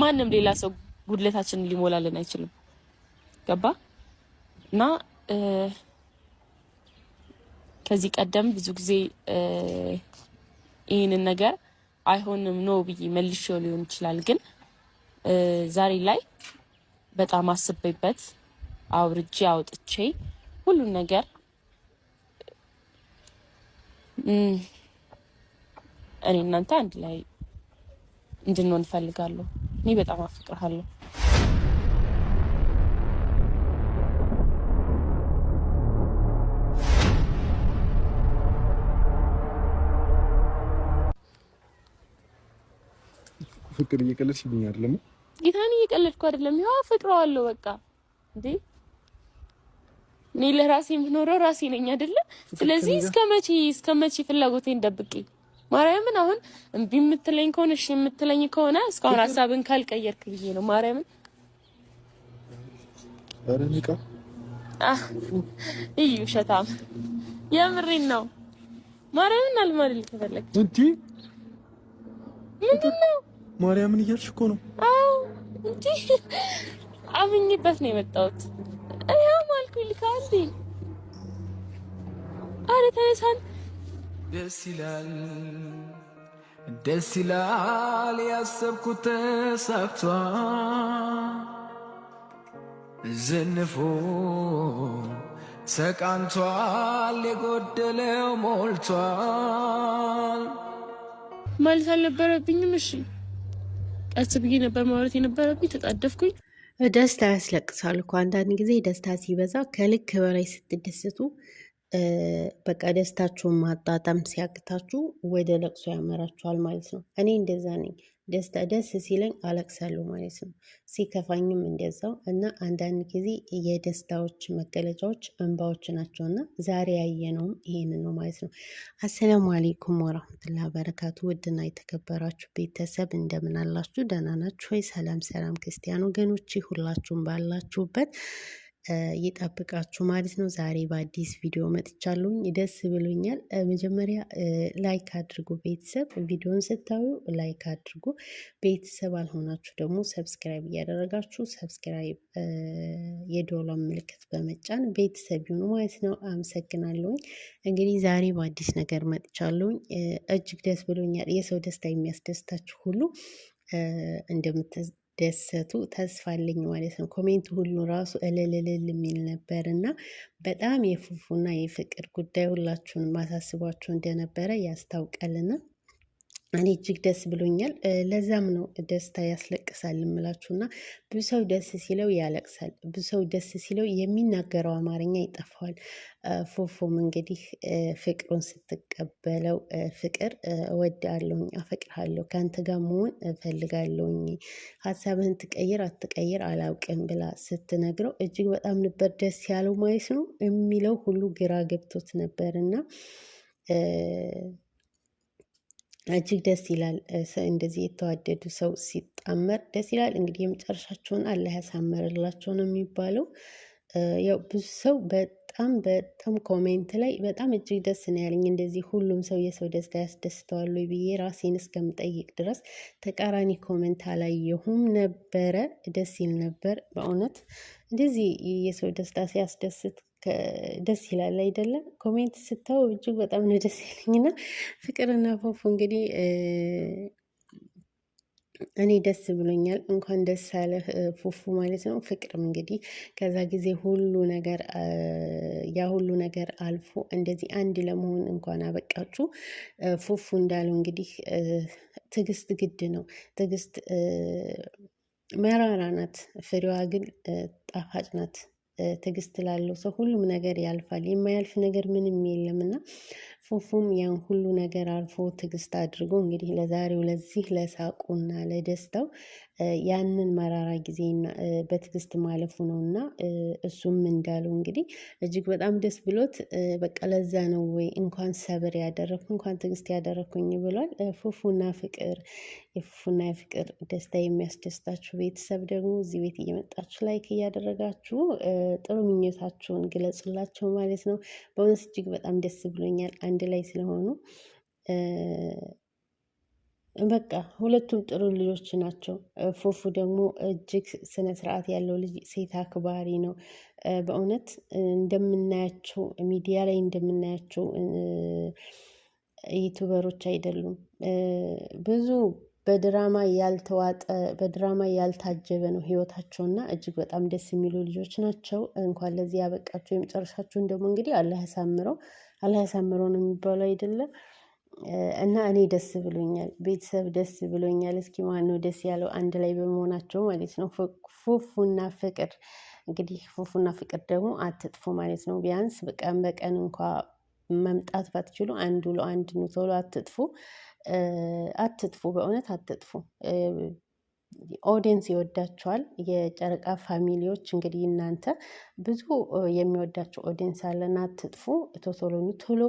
ማንም ሌላ ሰው ጉድለታችንን ሊሞላልን አይችልም። ገባ እና ከዚህ ቀደም ብዙ ጊዜ ይህንን ነገር አይሆንም ኖ ብዬ መልሼው ሊሆን ይችላል። ግን ዛሬ ላይ በጣም አስቤበት አውርጄ አውጥቼ ሁሉን ነገር እኔ እናንተ አንድ ላይ እንድንሆን እፈልጋለሁ። እኔ በጣም አፍቅርሃለሁ። ፍቅር እየቀለድሽ ይብኝ አይደለም? ጌታን እየቀለድኩ አይደለም። ያው አፈቅረዋለሁ። በቃ እንዴ እኔ ለራሴ የምኖረው ራሴ ነኝ አይደለ? ስለዚህ እስከ መቼ እስከ መቼ ፍላጎቴን ደብቄ ማርያምን አሁን እምቢ የምትለኝ ከሆነ እሺ የምትለኝ ከሆነ እስካሁን ሀሳብን ካልቀየርክ ብዬ ነው። ማርያምን አረኒቃ አህ እዩ ሸታም የምሬን ነው። ማርያምን አልማል ከፈለክ እንዴ ምንድን ነው ማርያምን እያልሽ እኮ ነው? አዎ እንዴ አምኜበት ነው የመጣሁት። ይኸው ማልኩልካ ይልካ እንዴ አረ ተነሳን ደስ ይላል ደስ ይላል ያሰብኩት ተሳክቷል ዘንፎ ተቃንቷል የጎደለው ሞልቷል ማለት አልነበረብኝም። እሺ ቀስ ብዬ ነበር ማለት የነበረብኝ። ተጣደፍኩኝ። ደስታ ያስለቅሳል እኮ አንዳንድ ጊዜ ደስታ ሲበዛ ከልክ በላይ ስትደሰቱ በቃ ደስታችሁን ማጣጣም ሲያቅታችሁ ወደ ለቅሶ ያመራችኋል ማለት ነው። እኔ እንደዛ ነኝ። ደስታ ደስ ሲለኝ አለቅሳለሁ ማለት ነው። ሲከፋኝም እንደዛው እና አንዳንድ ጊዜ የደስታዎች መገለጫዎች እንባዎች ናቸው እና ዛሬ ያየነውም ይሄንን ነው ማለት ነው። አሰላሙ አሌይኩም ወራህመቱላ በረካቱ። ውድና የተከበራችሁ ቤተሰብ እንደምን አላችሁ? ደህና ናችሁ ወይ? ሰላም ሰላም ክርስቲያን ገኖች ሁላችሁም ባላችሁበት ይጠብቃችሁ ማለት ነው። ዛሬ በአዲስ ቪዲዮ መጥቻለሁኝ። ደስ ብሎኛል። መጀመሪያ ላይክ አድርጉ ቤተሰብ። ቪዲዮን ስታዩ ላይክ አድርጉ። ቤተሰብ አልሆናችሁ ደግሞ ሰብስክራይብ እያደረጋችሁ ሰብስክራይብ የዶላር ምልክት በመጫን ቤተሰብ ይሁኑ ማለት ነው። አመሰግናለሁኝ። እንግዲህ ዛሬ በአዲስ ነገር መጥቻለሁኝ። እጅግ ደስ ብሎኛል። የሰው ደስታ የሚያስደስታችሁ ሁሉ እንደምት ደሰቱ ተስፋ አለኝ ማለት ነው። ኮሜንት ሁሉ ራሱ እልልልል የሚል ነበር እና በጣም የፉፉና የፍቅር ጉዳይ ሁላችሁንም ማሳስቧችሁ እንደነበረ ያስታውቃልና እኔ እጅግ ደስ ብሎኛል። ለዛም ነው ደስታ ያስለቅሳል የምላችሁና ብዙ ሰው ደስ ሲለው ያለቅሳል፣ ብዙ ሰው ደስ ሲለው የሚናገረው አማርኛ ይጠፋዋል። ፎፎም እንግዲህ ፍቅሩን ስትቀበለው ፍቅር እወዳለሁኝ፣ አፈቅርሃለሁ፣ ከአንተ ጋር መሆን እፈልጋለሁኝ፣ ሀሳብህን ትቀይር አትቀይር አላውቅም ብላ ስትነግረው እጅግ በጣም ነበር ደስ ያለው ማለት ነው። የሚለው ሁሉ ግራ ገብቶት ነበር እና እጅግ ደስ ይላል። እንደዚህ የተዋደዱ ሰው ሲጣመር ደስ ይላል። እንግዲህ የመጨረሻቸውን አላህ ያሳመረላቸው ነው የሚባለው። ያው ብዙ ሰው በጣም በጣም ኮሜንት ላይ በጣም እጅግ ደስ ነው ያለኝ። እንደዚህ ሁሉም ሰው የሰው ደስታ ያስደስተዋሉ ብዬ ራሴን እስከምጠይቅ ድረስ ተቃራኒ ኮሜንት አላየሁም ነበረ። ደስ ይል ነበር በእውነት እንደዚህ የሰው ደስታ ሲያስደስት ደስ ይላል አይደለም። ኮሜንት ስታው እጅግ በጣም ነው ደስ ያለኝና ፍቅርና ፎፉ እንግዲህ እኔ ደስ ብሎኛል። እንኳን ደስ አለ ፉፉ ማለት ነው። ፍቅርም እንግዲህ ከዛ ጊዜ ሁሉ ነገር ያ ሁሉ ነገር አልፎ እንደዚህ አንድ ለመሆን እንኳን አበቃችሁ። ፉፉ እንዳለው እንግዲህ ትዕግስት ግድ ነው። ትዕግስት መራራ ናት፣ ፍሬዋ ግን ጣፋጭ ናት። ትግስት ላለው ሰው ሁሉም ነገር ያልፋል። የማያልፍ ነገር ምንም የለም እና ፉፉም ያን ሁሉ ነገር አልፎ ትዕግስት አድርጎ እንግዲህ ለዛሬው ለዚህ ለሳቁና ለደስታው ያንን መራራ ጊዜ በትዕግስት ማለፉ ነው እና እሱም እንዳለው እንግዲህ እጅግ በጣም ደስ ብሎት በቃ ለዛ ነው ወይ እንኳን ሰብር ያደረግኩ እንኳን ትዕግስት ያደረግኩኝ ብሏል። ፉፉና ፍቅር የፉፉና የፍቅር ደስታ የሚያስደስታችሁ ቤተሰብ ደግሞ እዚህ ቤት እየመጣችሁ ላይክ እያደረጋችሁ ጥሩ ምኞታችሁን ግለጹላቸው ማለት ነው። በእውነት እጅግ በጣም ደስ ብሎኛል። አንድ ላይ ስለሆኑ በቃ ሁለቱም ጥሩ ልጆች ናቸው። ፉፉ ደግሞ እጅግ ስነ ስርዓት ያለው ልጅ፣ ሴት አክባሪ ነው። በእውነት እንደምናያቸው ሚዲያ ላይ እንደምናያቸው ዩቱበሮች አይደሉም። ብዙ በድራማ ያልተዋጠ በድራማ ያልታጀበ ነው ህይወታቸውና እጅግ በጣም ደስ የሚሉ ልጆች ናቸው። እንኳን ለዚህ ያበቃቸው። የመጨረሻችሁን ደግሞ እንግዲህ አላህ ያሳምረው። አላህ ያሳምረው ነው የሚባለው አይደለም። እና እኔ ደስ ብሎኛል፣ ቤተሰብ ደስ ብሎኛል። እስኪ ማን ነው ደስ ያለው አንድ ላይ በመሆናቸው ማለት ነው። ፉፉና ፍቅር እንግዲህ ፉፉና ፍቅር ደግሞ አትጥፎ ማለት ነው። ቢያንስ በቀን በቀን እንኳ መምጣት ባትችሉ አንዱ ለአንድ ነው። ቶሎ አትጥፉ፣ አትጥፉ፣ በእውነት አትጥፉ። ኦዲየንስ ይወዳቸዋል። የጨረቃ ፋሚሊዎች እንግዲህ እናንተ ብዙ የሚወዳቸው ኦዲየንስ አለና አትጥፉ። ቶቶሎኑ ቶሎ